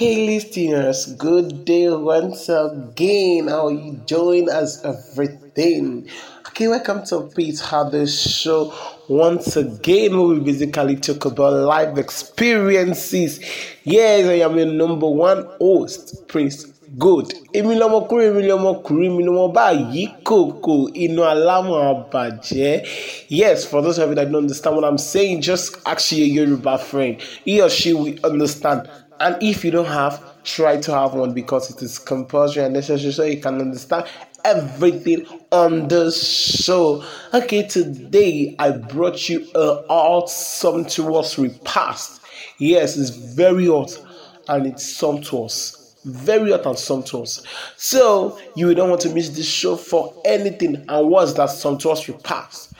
Okay, listeners, good day once again. How are you doing as everything? Okay, welcome to Pete Harder's show. Once again, we will basically talk about life experiences. Yes, I am your number one host, Prince good èmi lọmọkùnrin èmi lọmọkùnrin mi lọmọ báyìí kòkò inú alámọ̀ àbàjẹ́ yes for those of you that don't understand what i'm saying just ask your Yoruba friend he or she will understand and if you don't have try to have one because it is compulsory and necessary so you can understand everything on the show. Okay, today I brought you an awesome to us repast. Yes, it's very hot and it's sumptuous very hot and sumptuous. So you don't want to miss this show for anything. And what's that sumptuous repast?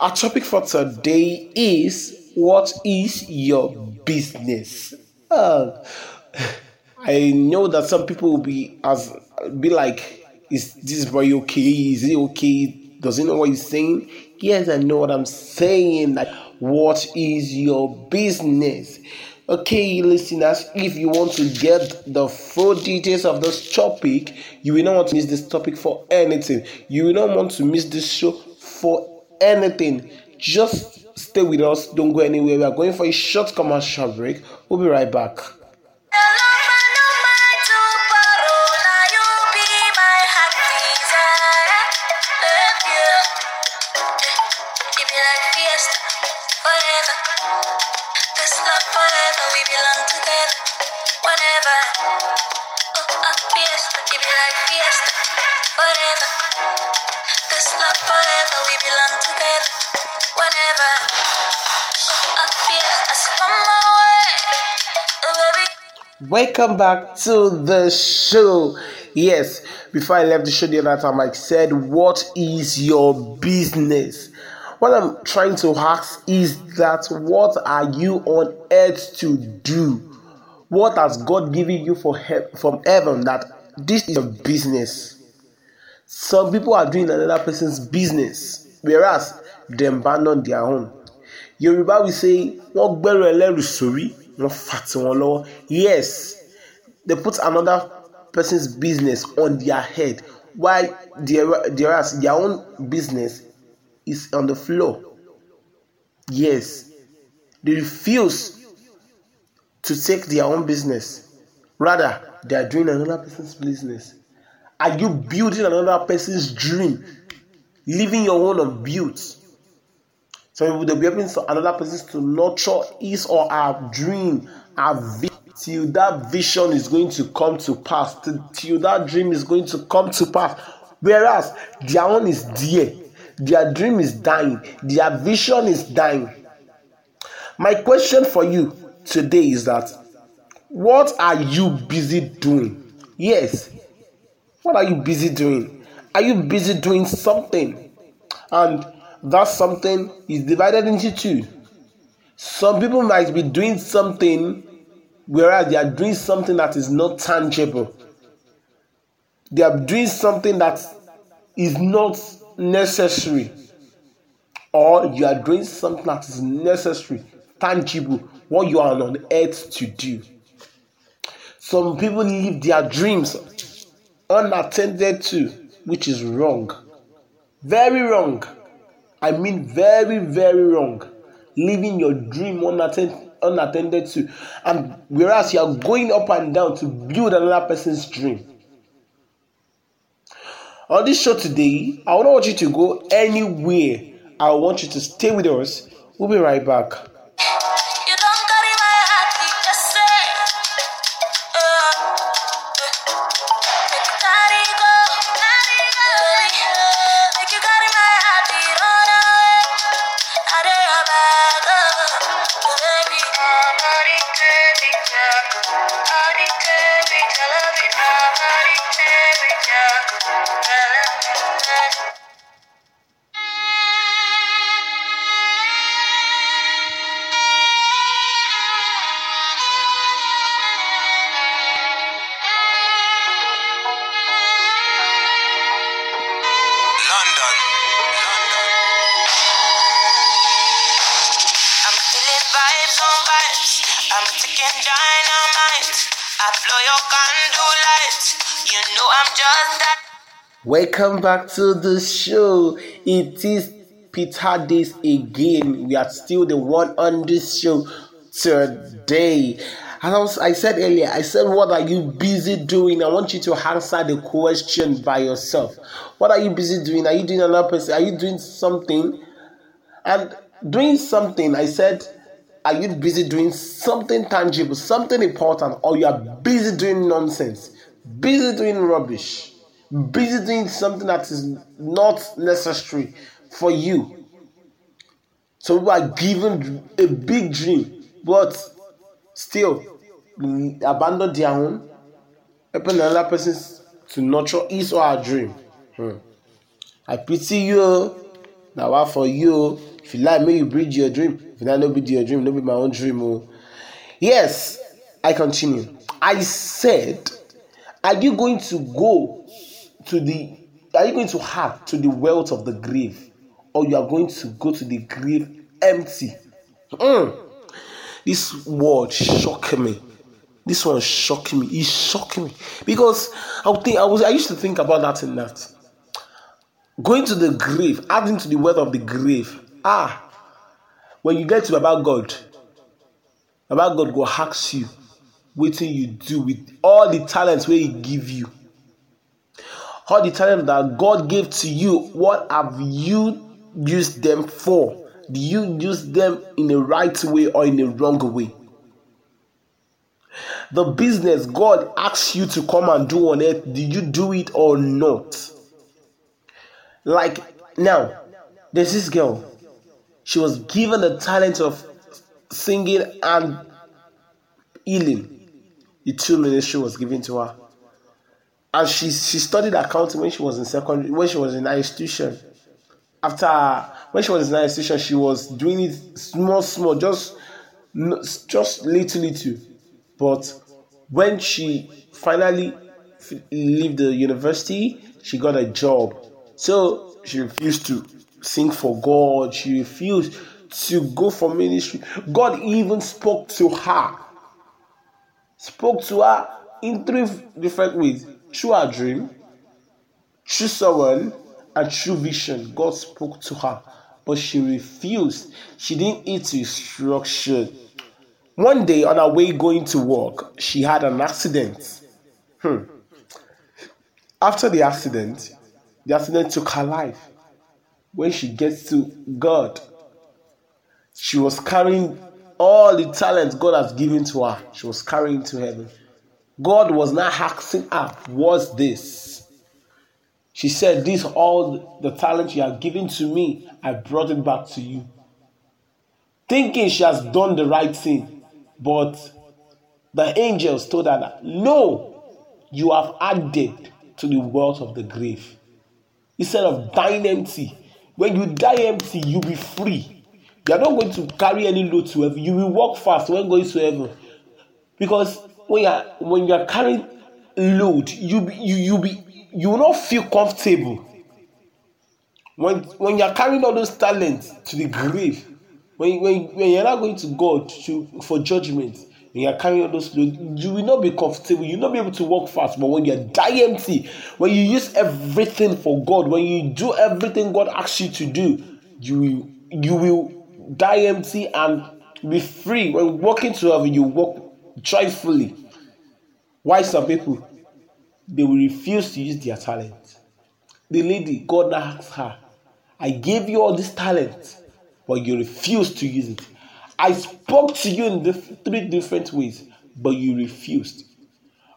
Our topic for today is what is your business? Uh, I know that some people will be as be like, is this boy okay? Is he okay? Does he know what he's saying? Yes, I know what I'm saying. Like, what is your business? Okay, listeners, if you want to get the full details of this topic, you will not want to miss this topic for anything. You will not want to miss this show for anything. Just stay with us, don't go anywhere. We are going for a short commercial break. We'll be right back. Welcome back to the show. Yes, before I left the show the other time, I said, What is your business? What I'm trying to ask is that what are you on earth to do? What has God given you for he- from heaven that this is your business? Some people are doing another person's business, whereas they abandon their own. Yoruba will say, Wọ́n gbẹ́rù ẹlẹ́rù story?" No fà tí wọn lọ́wọ́ yes they put another person's business on their head while their their their own business is on the floor yes they refuse to take their own business rather they are doing another person's business are you building another person's dream leaving your own unbuilt? So they'll be for another person to nurture his or her dream, her vision. Till that vision is going to come to pass, till that dream is going to come to pass. Whereas their own is dear, their dream is dying, their vision is dying. My question for you today is that what are you busy doing? Yes, what are you busy doing? Are you busy doing something? And that something is divided into two. Some people might be doing something, whereas they are doing something that is not tangible. They are doing something that is not necessary. Or you are doing something that is necessary, tangible, what you are on earth to do. Some people live their dreams unattended to, which is wrong. Very wrong I mean, very, very wrong. Leaving your dream unattended, unattended to. And whereas you are going up and down to build another person's dream. On this show today, I don't want you to go anywhere. I want you to stay with us. We'll be right back. Welcome back to the show. It is Peter Days again. We are still the one on this show today. As I said earlier, I said, What are you busy doing? I want you to answer the question by yourself. What are you busy doing? Are you doing another person? Are you doing something? And doing something, I said, Are you busy doing something tangible, something important, or you are busy doing nonsense, busy doing rubbish? busy doing something that is not necessary for you. So we are given a big dream, but still abandon their own, helping another person to nurture his or her dream. Hmm. I pity you. Oh. Now, what for you? Oh? If you like, me, you bridge your dream. If you like, no be your dream, no be my own dream. Oh. Yes, I continue. I said, Are you going to go to the are you going to have to the wealth of the grave or you are going to go to the grave empty mm. this word shocked me this one shocked me it shocked me because i think i was i used to think about that in that going to the grave adding to the wealth of the grave ah when you get to about god about god go ask you what you do with all the talents where he give you all the talent that God gave to you, what have you used them for? Do you use them in the right way or in the wrong way? The business God asks you to come and do on earth, did you do it or not? Like now, there's this girl. She was given the talent of singing and healing. The two ministry was given to her and she she studied accounting when she was in secondary when she was in high institution after when she was in high institution she was doing it small small just just little little but when she finally leave the university she got a job so she refused to sing for god she refused to go for ministry god even spoke to her spoke to her in three different ways through her dream, through someone, and through vision. God spoke to her, but she refused. She didn't eat instruction. One day, on her way going to work, she had an accident. Hmm. After the accident, the accident took her life. When she gets to God, she was carrying all the talents God has given to her. She was carrying to heaven. God was not asking her, What's this? She said, This all the talent you have given to me, I brought it back to you. Thinking she has done the right thing, but the angels told her, No, you have added to the wealth of the grave. Instead of dying empty, when you die empty, you'll be free. You are not going to carry any load to heaven. You will walk fast when going to heaven. Because when you are when you are carrying load you be you you be you not feel comfortable when when you are carrying all those talents to the grave when when when you are not going to God to for judgement when you are carrying all those load you will not be comfortable you will not be able to walk fast but when you are die empty when you use everything for God when you do everything God asks you to do you will you will die empty and be free when walking to heaven you walk joyfully why some people they will refuse to use their talent the lady god asked her i gave you all this talent but you refuse to use it i spoke to you in the three different ways but you refused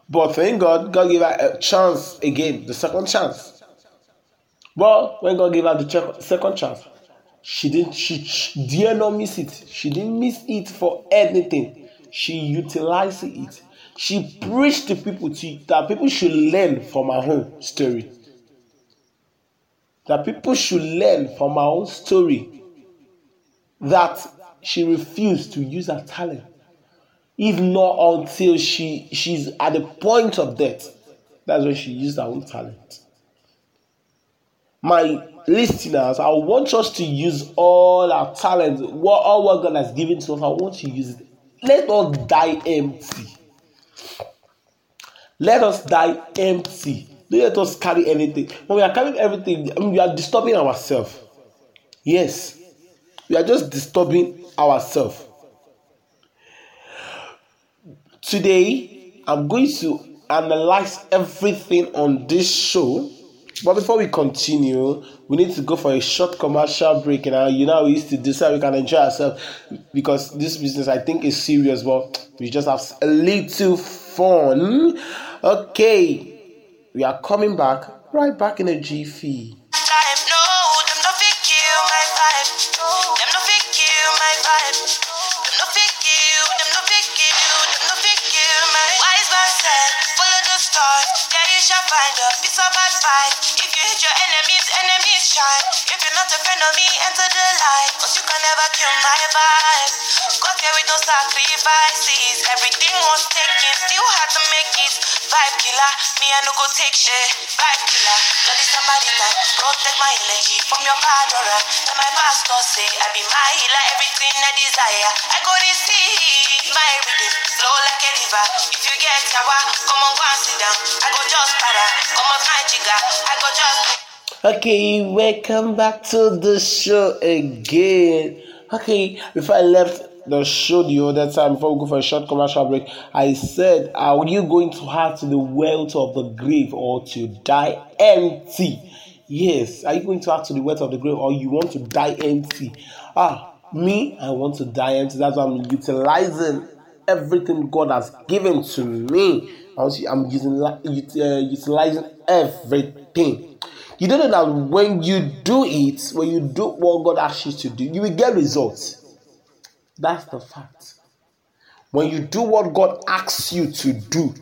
but thank god god gave her a chance again the second chance well when god gave her the second chance she didn't she, she dare not miss it she didn't miss it for anything she utilized it. She preached to people to, that people should learn from her own story. That people should learn from her own story. That she refused to use her talent, if not until she, she's at the point of death. That's when she used her own talent. My listeners, I want us to use all our talents, what all God has given to us. I want you to use it let us die empty let us die empty don't let us carry anything when we are carrying everything um, we are disturbing ourselves yes we are just disturbing ourselves today i'm going to analyze everything on this show But before we continue, we need to go for a short commercial break. And I, you know, we used to do so we can enjoy ourselves because this business, I think, is serious, but we just have a little fun. Okay, we are coming back right back in a jiffy. Follow the stars shall find up. It's a bad fight. If you hit your enemies, enemies shine. If you're not a friend of me, enter the light. But you can never kill my vibe. Got here with no sacrifices. Everything was taken, still had to make it. Vibe killer, me I no go take shit. Vibe killer, bloody somebody time. Protect my energy from your power. aura. And my pastor say I be my healer, everything I desire. I go to see my rhythm flow like a river. If you get sour, come on, go and sit down. I go Okay, welcome back to the show again. Okay, before I left the show the other time, before we go for a short commercial break, I said, Are you going to have to the wealth of the grave or to die empty? Yes, are you going to have to the wealth of the grave or you want to die empty? Ah, me, I want to die empty. That's why I'm utilizing everything God has given to me I'm using, uh, utilizing everything. You don't know that when you do it, when you do what God asks you to do, you will get results. That's the fact. When you do what God asks you to do,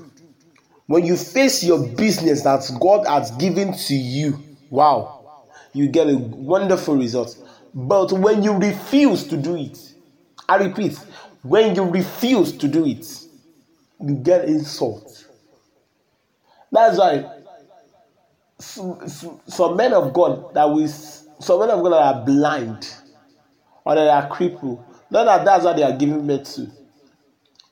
when you face your business that God has given to you, wow, you get a wonderful result. But when you refuse to do it, I repeat, when you refuse to do it, you get insult. That's why some men of God that we some men of God that are blind or that are crippled. Not that that's what they are giving birth to,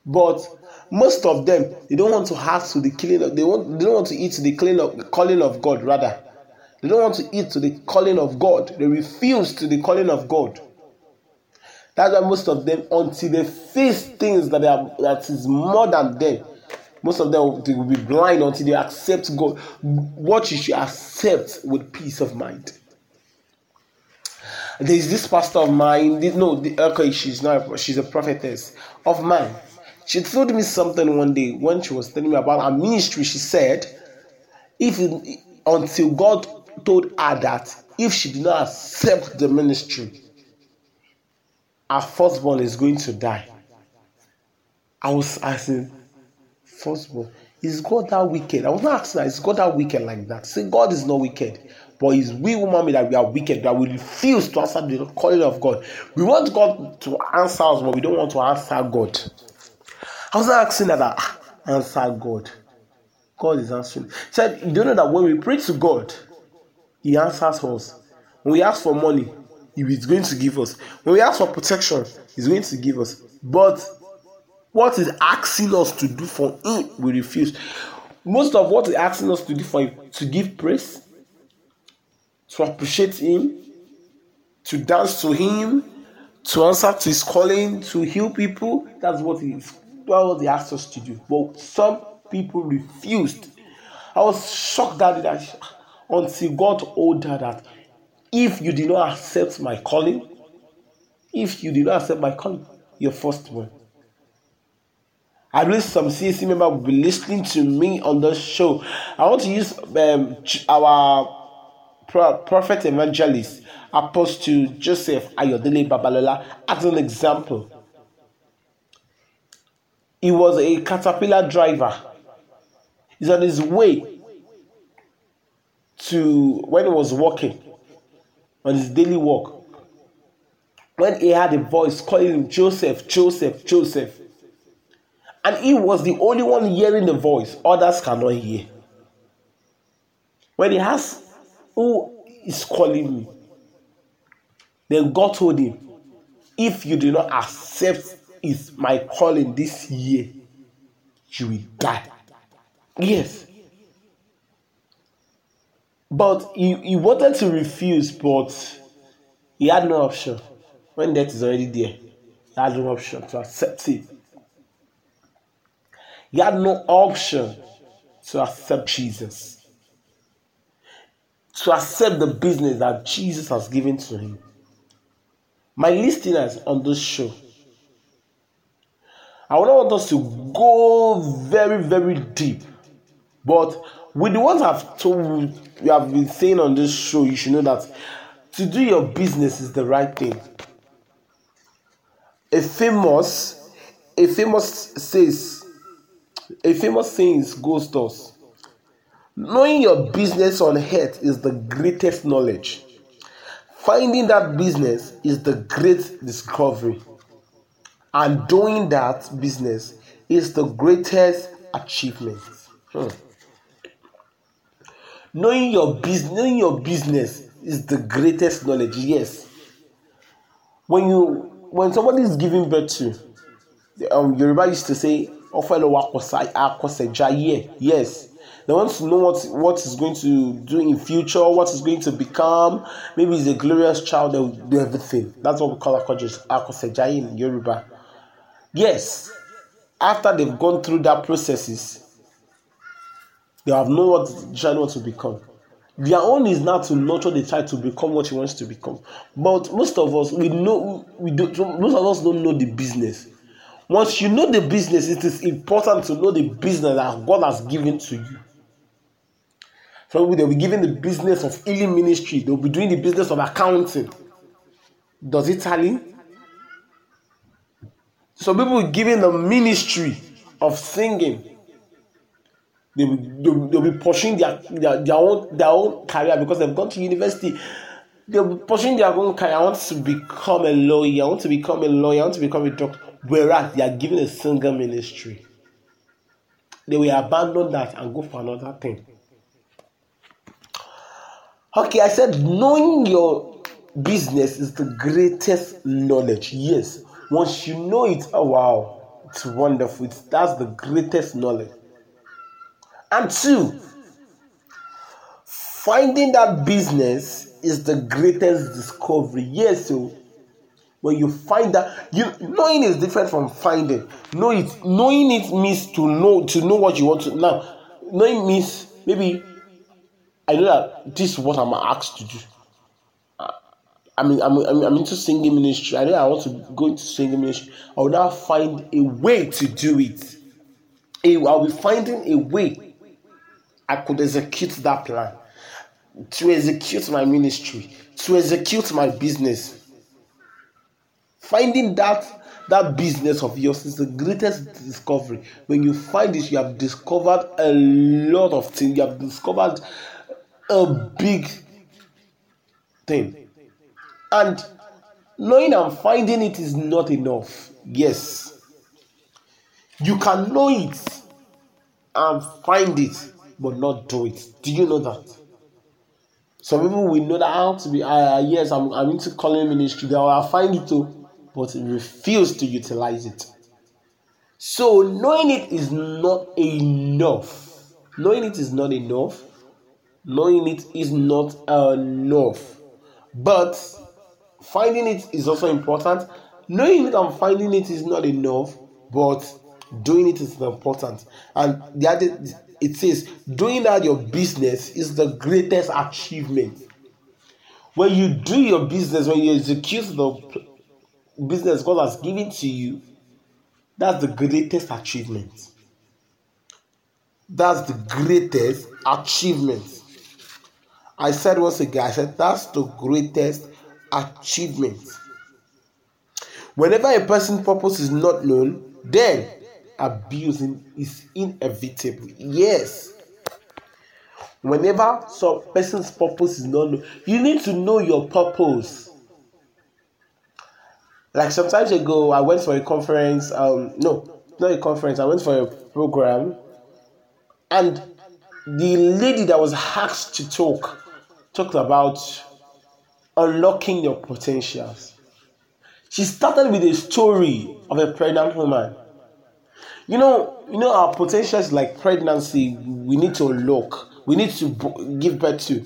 but most of them they don't want to have to the killing of they want they don't want to eat to the killing of the calling of God rather. They don't want to eat to the calling of God. They refuse to the calling of God. That's why most of them, until they face things that, are, that is more than them, most of them they will be blind until they accept god what you should accept with peace of mind there is this pastor of mine no okay she's not she's a prophetess of mine she told me something one day when she was telling me about her ministry she said if until god told her that if she did not accept the ministry her firstborn is going to die i was asking firstborn. Is God that wicked? I was not asking that. Is God that wicked like that? See, God is not wicked. But it's we woman me that we are wicked, that we refuse to answer the calling of God. We want God to answer us, but we don't want to answer God. I was not asking that, ah, answer God. God is answering. said, You do you know that when we pray to God, He answers us. When we ask for money, He is going to give us. When we ask for protection, He's going to give us. But what is asking us to do for him we refuse most of what he's asking us to do for him to give praise to appreciate him to dance to him to answer to his calling to heal people that's what he what he asked us to do but some people refused i was shocked that until god ordered that if you did not accept my calling if you did not accept my calling your first one I believe some CSC member will be listening to me on the show. I want to use um, our prophet evangelist, Apostle Joseph Ayodele Babalola, as an example. He was a caterpillar driver. He's on his way to when he was walking on his daily walk. When he had a voice calling him Joseph, Joseph, Joseph and he was the only one hearing the voice. Others cannot hear. When he asked, Who is calling me? Then God told him, If you do not accept is my calling this year, you will die. Yes. But he, he wanted to refuse, but he had no option. When death is already there, he had no option to accept it. He had no option to accept Jesus, to accept the business that Jesus has given to him. My listeners on this show, I want us to go very, very deep. But with what I've told you, have been saying on this show, you should know that to do your business is the right thing. A famous, a famous says a famous saying is "Goes stores. Knowing your business on earth is the greatest knowledge. Finding that business is the great discovery. And doing that business is the greatest achievement. Hmm. Knowing your business, knowing your business is the greatest knowledge. Yes. When you when somebody is giving birth to you, um, everybody used to say, fellow Akosejaye. Yes. They want to know what what is going to do in future, what is going to become. Maybe he's a glorious child that will do everything. That's what we call Akosejaye in Yoruba. Yes. After they've gone through that processes, they have known what child wants to become. Their own is now to nurture the child to become what he wants to become. But most of us, we know we do. Most of us don't know the business. Once you know the business, it is important to know the business that God has given to you. Some people they'll be given the business of healing ministry, they'll be doing the business of accounting. Does it tally? Some people given the ministry of singing. They, they, they'll be pushing their, their, their, own, their own career because they've gone to university they're pursuing their own kind. I want to become a lawyer. I want to become a lawyer. I want to become a doctor. Whereas they are given a single ministry, they will abandon that and go for another thing. Okay, I said knowing your business is the greatest knowledge. Yes, once you know it, oh wow, it's wonderful. It's, that's the greatest knowledge. And two, finding that business is the greatest discovery. Yes, so when you find that you knowing is different from finding. Know it knowing it means to know to know what you want to now. Knowing means maybe I know that this is what I'm asked to do. I mean, I'm, I'm, I'm into singing ministry. I know I want to go into singing ministry. I will now find a way to do it. I'll be finding a way I could execute that plan to execute my ministry, to execute my business. Finding that that business of yours is the greatest discovery. When you find it, you have discovered a lot of things. You have discovered a big thing. And knowing and finding it is not enough. Yes. You can know it and find it, but not do it. Do you know that? Some people will know that how to be, uh, yes, I'm, I'm into calling ministry, they will find it too, but refuse to utilize it. So knowing it is not enough. Knowing it is not enough. Knowing it is not enough. But finding it is also important. Knowing it and finding it is not enough, but doing it is important. And the other, it says, doing that your business is the greatest achievement. When you do your business, when you execute the business God has given to you, that's the greatest achievement. That's the greatest achievement. I said once again, I said that's the greatest achievement. Whenever a person's purpose is not known, then abusing is inevitable. Yes. Whenever some person's purpose is not known, you need to know your purpose. Like sometimes ago, I went for a conference. Um, no, not a conference. I went for a program, and the lady that was asked to talk talked about unlocking your potentials. She started with a story of a pregnant woman you know you know our potential is like pregnancy we need to look. we need to give birth to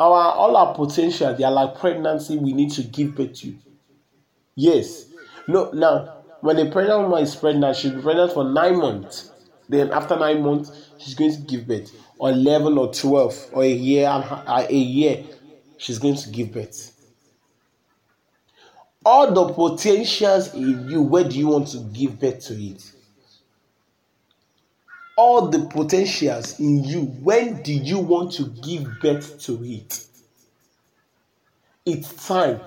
our all our potential they are like pregnancy we need to give birth to yes no now when a pregnant woman is pregnant she'll be pregnant for nine months then after nine months she's going to give birth or 11 or 12 or a year a year she's going to give birth all the potentials in you, where do you want to give birth to it? All the potentials in you, when do you want to give birth to it? It's time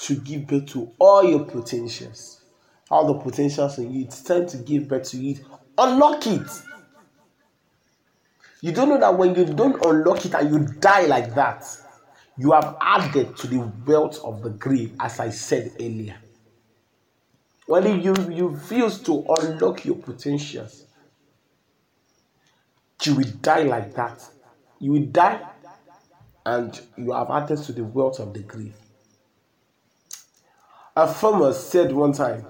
to give birth to all your potentials. All the potentials in you, it's time to give birth to it. Unlock it. You don't know that when you don't unlock it and you die like that, you have added to the wealth of the grave, as I said earlier. When you, you refuse to unlock your potentials, you will die like that. You will die, and you have added to the wealth of the grave. A farmer said one time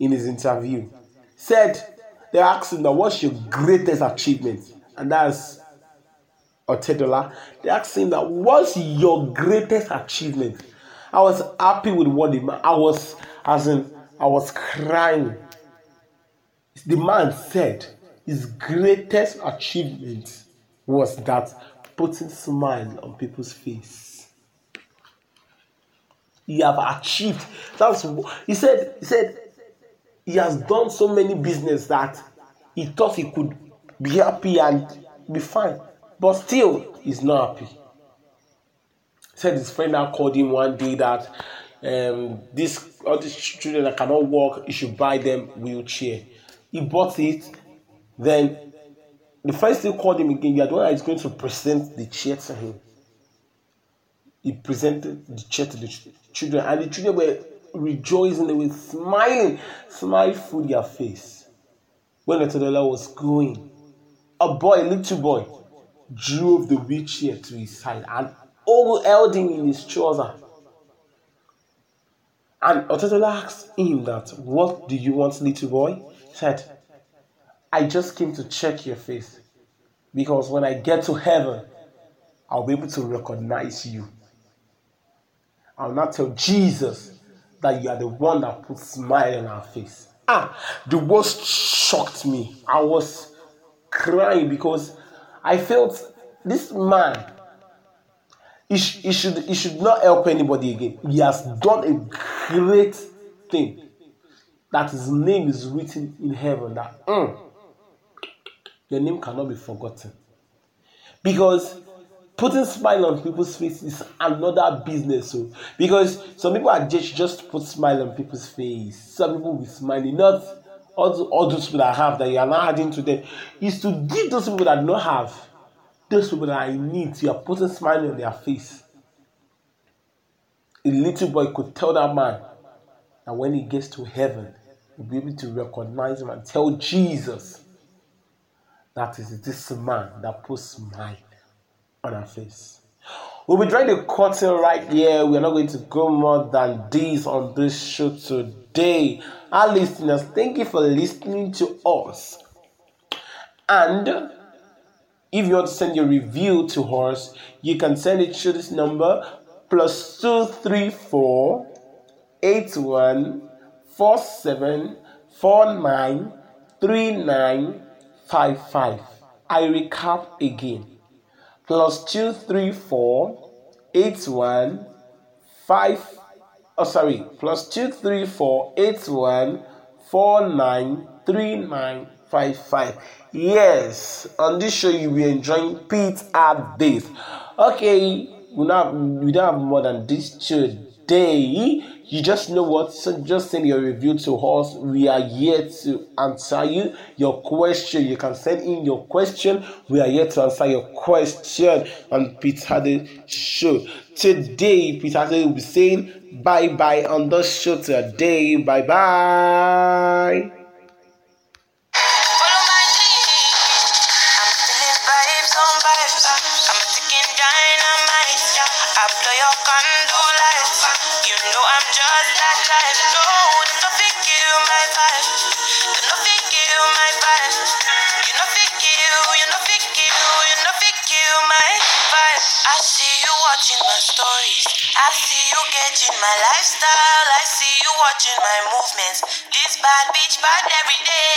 in his interview, said they asked him, "What's your greatest achievement?" And that's Tedola, they asked him that what's your greatest achievement? I was happy with what the man I was as in I was crying. The man said his greatest achievement was that putting smile on people's face. He have achieved. That's he said. He said he has done so many business that he thought he could be happy and be fine but still he's not happy. Said his friend now called him one day that um, this all these children that cannot walk, you should buy them wheelchair. He bought it. Then the first thing called him again. You the one that is going to present the chair to him. He presented the chair to the children, and the children were rejoicing. They were smiling, smile full their face. When the toddler was going, a boy, a little boy, drove the wheelchair to his side and held him in his trouser. And Ototola asked him that, What do you want, little boy? He said, I just came to check your face because when I get to heaven, I'll be able to recognize you. I'll not tell Jesus that you are the one that put smile on our face. Ah, the words shocked me. I was crying because I felt this man, he, sh- he, should, he should not help anybody again. He has done a great thing that his name is written in heaven. That mm, your name cannot be forgotten. Because putting smile on people's face is another business. So oh. because some people are just just put smile on people's face. Some people will smile, not all, those, all those people that have that you are not adding to them is to give those people that do not have, those people that I need, you are putting smile on their face. A little boy could tell that man that when he gets to heaven, he'll be able to recognize him and tell Jesus that is this man that puts smile on our face. We'll be drawing the curtain right here. We are not going to go more than this on this show today. Our listeners, thank you for listening to us. And if you want to send your review to us, you can send it to this number plus two three four eight one four seven four nine three nine five five. I recap again plus two three four eight one five oh sorry plus two three four eight one four nine three nine five five yes on this show you be enjoying pete at this okay we don't have, we don't have more than this show today. You just know what, just send your review to us. We are here to answer you, your question. You can send in your question. We are here to answer your question on Peter the Show. Today, Peter the will be saying bye bye on the show today. Bye bye. I see you getting my lifestyle. I see you watching my movements. This bad bitch bad every day.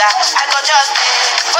I go just